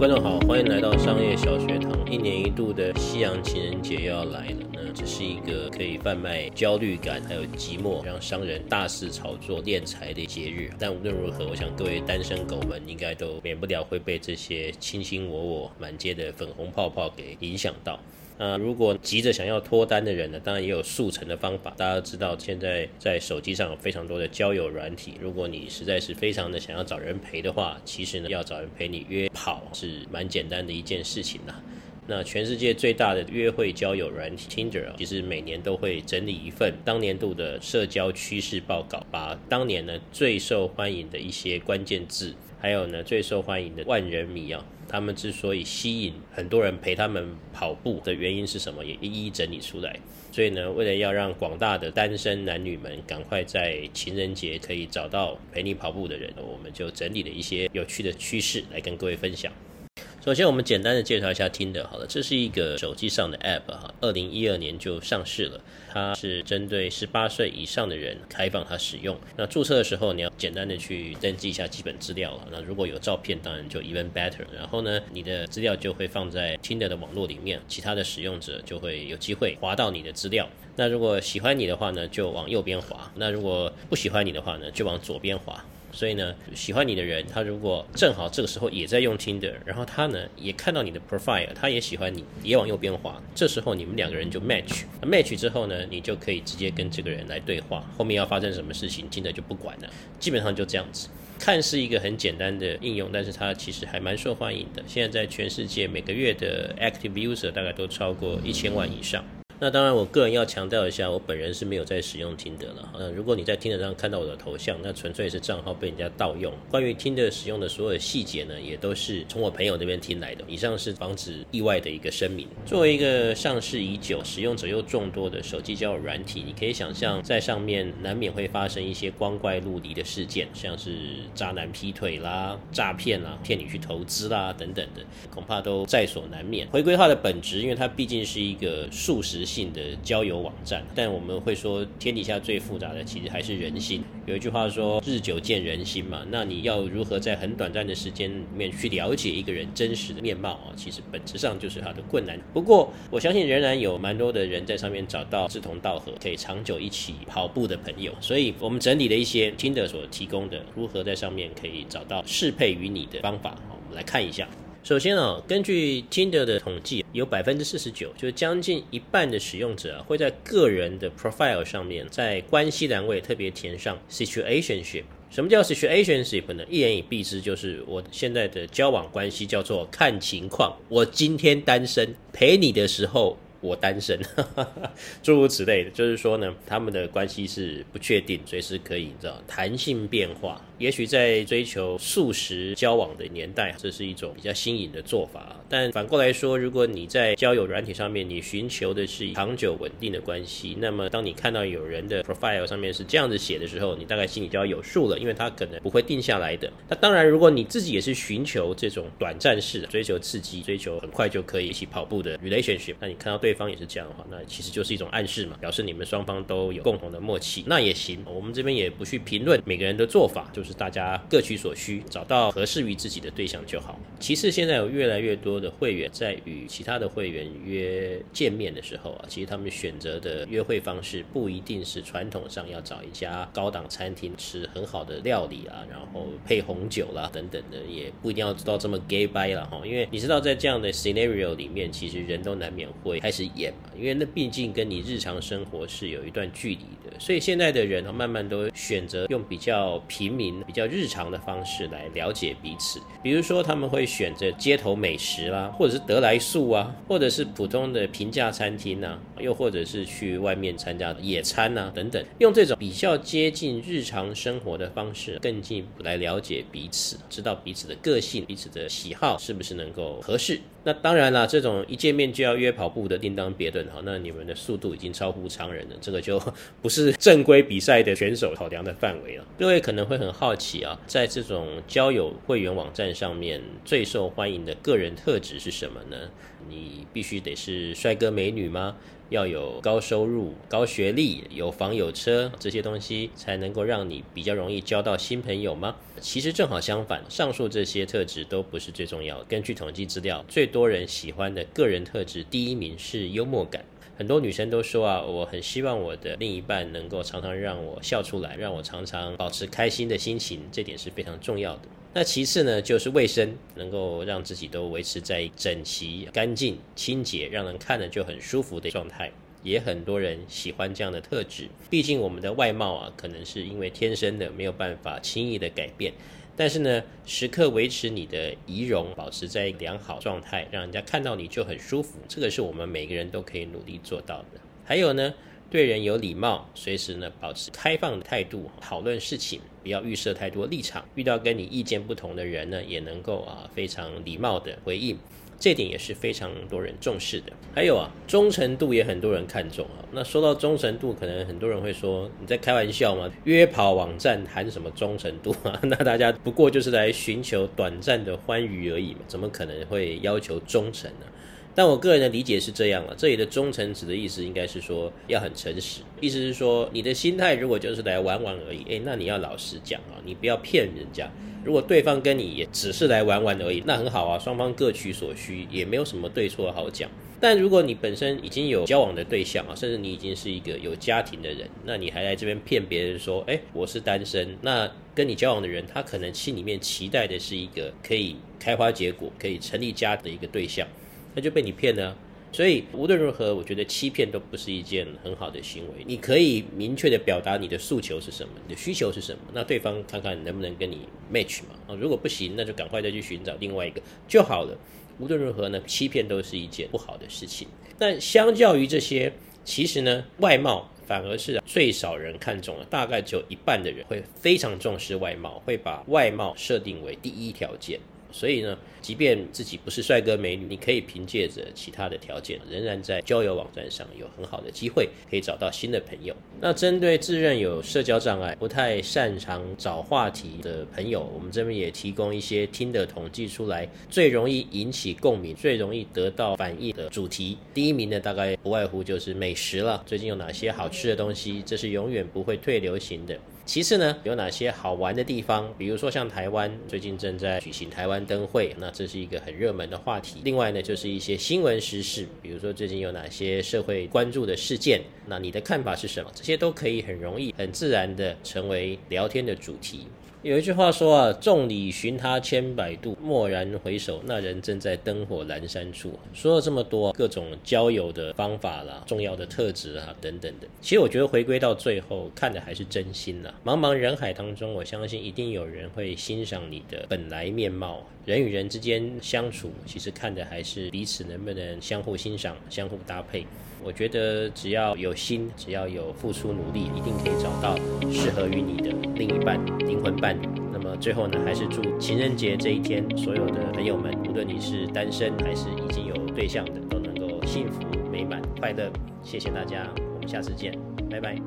觀眾好，歡迎來到商業小學堂。一年一度的西洋情人節又要來了呢。那這是一個可以販賣焦慮感還有寂寞，讓商人大肆炒作斂財的節日。但無論如何，我想各位單身狗們應該都免不了會被這些卿卿我我滿街的粉紅泡泡給影響到。呃，如果急着想要脫單的人呢，當然也有速成的方法。大家都知道，現在在手機上有非常多的交友軟體。如果你實在是非常的想要找人陪的話，其實呢，要找人陪你約跑是蠻簡單的一件事情啦。那全世界最大的約會交友軟體，Tinder 其實每年都會整理一份當年度的社交趨勢報告，把當年呢最受歡迎的一些關鍵字，還有呢最受歡迎的萬人迷啊，他們之所以吸引很多人陪他們跑步的原因是什麼，也一一整理出來。所以呢，為了要讓廣大的單身男女們趕快在情人節可以找到陪你跑步的人，我們就整理了一些有趣的趨勢來跟各位分享。首先，我們簡單的介紹一下 Tinder 好了，這是一個手機上的 App 哈，二零一二年就上市了，它是針對十八歲以上的人開放它使用。那注冊的時候，你要簡單的去登記一下基本資料了。那如果有照片，當然就 even better。然後呢，你的資料就會放在 Tinder 的網絡裡面，其他的使用者就會有機會滑到你的資料。那如果喜歡你的話呢，就往右邊滑；那如果不喜歡你的話呢，就往左邊滑。所以呢，喜歡你的人，他如果正好這個時候也在用 Tinder，然後他呢也看到你的 profile，他也喜歡你，也往右邊滑，這時候你們兩個人就 match。match 之後呢，你就可以直接跟這個人來對話，後面要發生什麽事情，聽的就不管了，基本上就這樣子。看似一個很簡單的應用，但是它其實還蠻受歡迎的。現在在全世界每個月的 active user 大概都超過一千萬以上。那當然，我個人要強調一下，我本人是沒有在使用 Tinder 了。那如果你在 Tinder 上看到我的頭像，那純粹是賬號被人家盜用。關於 Tinder 使用的所有的細節呢，也都是從我朋友那邊聽來的。以上是防止意外的一個聲明。作為一個上市已久、使用者又眾多的手機交友軟體，你可以想象，在上面難免會發生一些光怪陸離的事件，像是渣男劈腿啦、詐騙啦、騙你去投資啦等等的，恐怕都在所難免。回歸它的本質，因為它畢竟是一個速食性的交友網站，但我們會說，天底下最複雜的其實還是人心。有一句話說“日久見人心”嘛，那你要如何在很短暫的時間裡面去了解一個人真實的面貌啊？其實本質上就是它的困難。不過，我相信仍然有蠻多的人在上面找到志同道合、可以長久一起跑步的朋友。所以我們整理了一些 Tinder 所提供的如何在上面可以找到適配於你的方法，我們來看一下。首先啊，根據 Tinder 的統計，有百分之四十九，就將近一半的使用者啊，會在個人的 profile 上面，在關係欄位特別填上 situationship。什麼叫 situationship 呢？一言以蔽之，就是我現在的交往關係叫做看情況。我今天單身，陪你的時候。我單身， 諸如此類的，就是說呢，他們的關係是不確定，隨時可以，你知道，彈性變化。也許在追求速食交往的年代，這是一種比較新穎的做法。但反過來說，如果你在交友軟體上面，你尋求的是長久穩定的關係，那麼當你看到有人的 profile 上面是這樣子寫的時候，你大概心裡就要有數了，因為他可能不會定下來的。那當然，如果你自己也是尋求這種短暫式的追求刺激、追求很快就可以一起跑步的 relationship，那你看到對。對方也是這樣的話，那其實就是一種暗示嘛，表示你們雙方都有共同的默契，那也行。我們這邊也不去評論每個人的做法，就是大家各取所需，找到合適於自己的對象就好。其次，現在有越來越多的會員在與其他的會員約見面的時候啊，其實他們選擇的約會方式不一定是傳統上要找一家高檔餐廳吃很好的料理啊，然後配紅酒啦、啊、等等的，也不一定要知道這麼 gay 掰了哈。因為你知道，在這樣的 scenario 裡面，其實人都難免會開始。演嘛，因為那畢竟跟你日常生活是有一段距離的，所以現在的人慢慢都選擇用比較平民、比較日常的方式來了解彼此。比如說，他們會選擇街頭美食啦、啊，或者是得來速啊，或者是普通的平價餐廳啊，又或者是去外面參加野餐啊等等，用這種比較接近日常生活的方式，更進一步來了解彼此，知道彼此的個性、彼此的喜好是不是能夠合適。那當然啦，這種一見面就要約跑步的電。當別的好，那你們的速度已經超乎常人了，這個就不是正規比賽的選手考量的範圍了啊。各位可能會很好奇啊，在這種交友會員網站上面，最受歡迎的個人特質是什麼呢？你必須得是帥哥美女嗎？要有高收入、高學歷、有房有車這些東西才能夠讓你比較容易交到新朋友嗎？其實正好相反，上述這些特質都不是最重要的。根據統計資料，最多人喜歡的個人特質第一名是幽默感。很多女生都說啊，我很希望我的另一半能夠常常讓我笑出來，讓我常常保持開心的心情，這點是非常重要的。那其次呢，就是衛生，能夠讓自己都維持在整齊、乾淨、清潔，讓人看了就很舒服的狀態，也很多人喜歡這樣的特質。畢竟我們的外貌啊，可能是因為天生的，沒有辦法輕易的改變。但是呢，時刻維持你的儀容，保持在良好狀態，讓人家看到你就很舒服。這個是我們每個人都可以努力做到的。還有呢，對人有禮貌，隨時呢保持開放的態度，討論事情不要預設太多立場。遇到跟你意見不同的人呢，也能夠啊非常禮貌的回應。這點也是非常多人重視的。還有啊，忠誠度也很多人看重啊。那說到忠誠度，可能很多人會說你在開玩笑嗎？約跑網站談什麼忠誠度啊？那大家不過就是來尋求短暫的歡愉而已嘛，怎麼可能會要求忠誠呢？但我個人的理解是這樣啊，這裡的忠誠指的意思應該是說要很誠實，意思是說你的心態如果就是來玩玩而已，誒，那你要老實講啊，你不要騙人家。如果對方跟你也只是來玩玩而已，那很好啊，雙方各取所需，也沒有什麼對錯好講。但如果你本身已經有交往的對象啊，甚至你已經是一個有家庭的人，那你還來這邊騙別人說，誒，我是單身，那跟你交往的人他可能心裡面期待的是一個可以開花結果、可以成立家的一個對象。那就被你騙了。啊，所以無論如何，我覺得欺騙都不是一件很好的行為。你可以明確的表達你的訴求是什麼，你的需求是什麼，那對方看看能不能跟你 match 嘛啊，哦，如果不行，那就趕快再去尋找另外一個就好了。無論如何呢，欺騙都是一件不好的事情。那相較於這些，其實呢，外貌反而是最少人看重的，大概只有一半的人會非常重視外貌，會把外貌設定為第一條件。所以呢，即便自己不是帥哥美女，你可以憑借着其他的條件，仍然在交友網站上有很好的機會，可以找到新的朋友。那針對自認有社交障礙、不太擅長找話題的朋友，我們這邊也提供一些 Tinder 統計出來，最容易引起共鳴、最容易得到反應的主題。第一名呢，大概不外乎就是美食了。最近有哪些好吃的東西？這是永遠不會退流行的。其次呢，有哪些好玩的地方？比如說像台灣，最近正在舉行台灣燈會，那這是一個很熱門的話題。另外呢，就是一些新聞時事，比如說最近有哪些社會關注的事件，那你的看法是什麼？這些都可以很容易、很自然地成為聊天的主題。有一句話說啊，眾裡尋他千百度，驀然回首，那人正在燈火闌珊處。說了這麼多各種交友的方法啦，重要的特質啊等等的，其實我覺得回歸到最後，看的還是真心吶。茫茫人海當中，我相信一定有人會欣賞你的本來面貌。人與人之間相處，其實看的還是彼此能不能相互欣賞、相互搭配。我覺得只要有心，只要有付出努力，一定可以找到適合於你的另一半、靈魂伴侶。那麼最後呢，還是祝情人節這一天，所有的朋友們，無論你是單身還是已經有對象的，都能夠幸福美滿、快樂。謝謝大家，我們下次見，拜拜。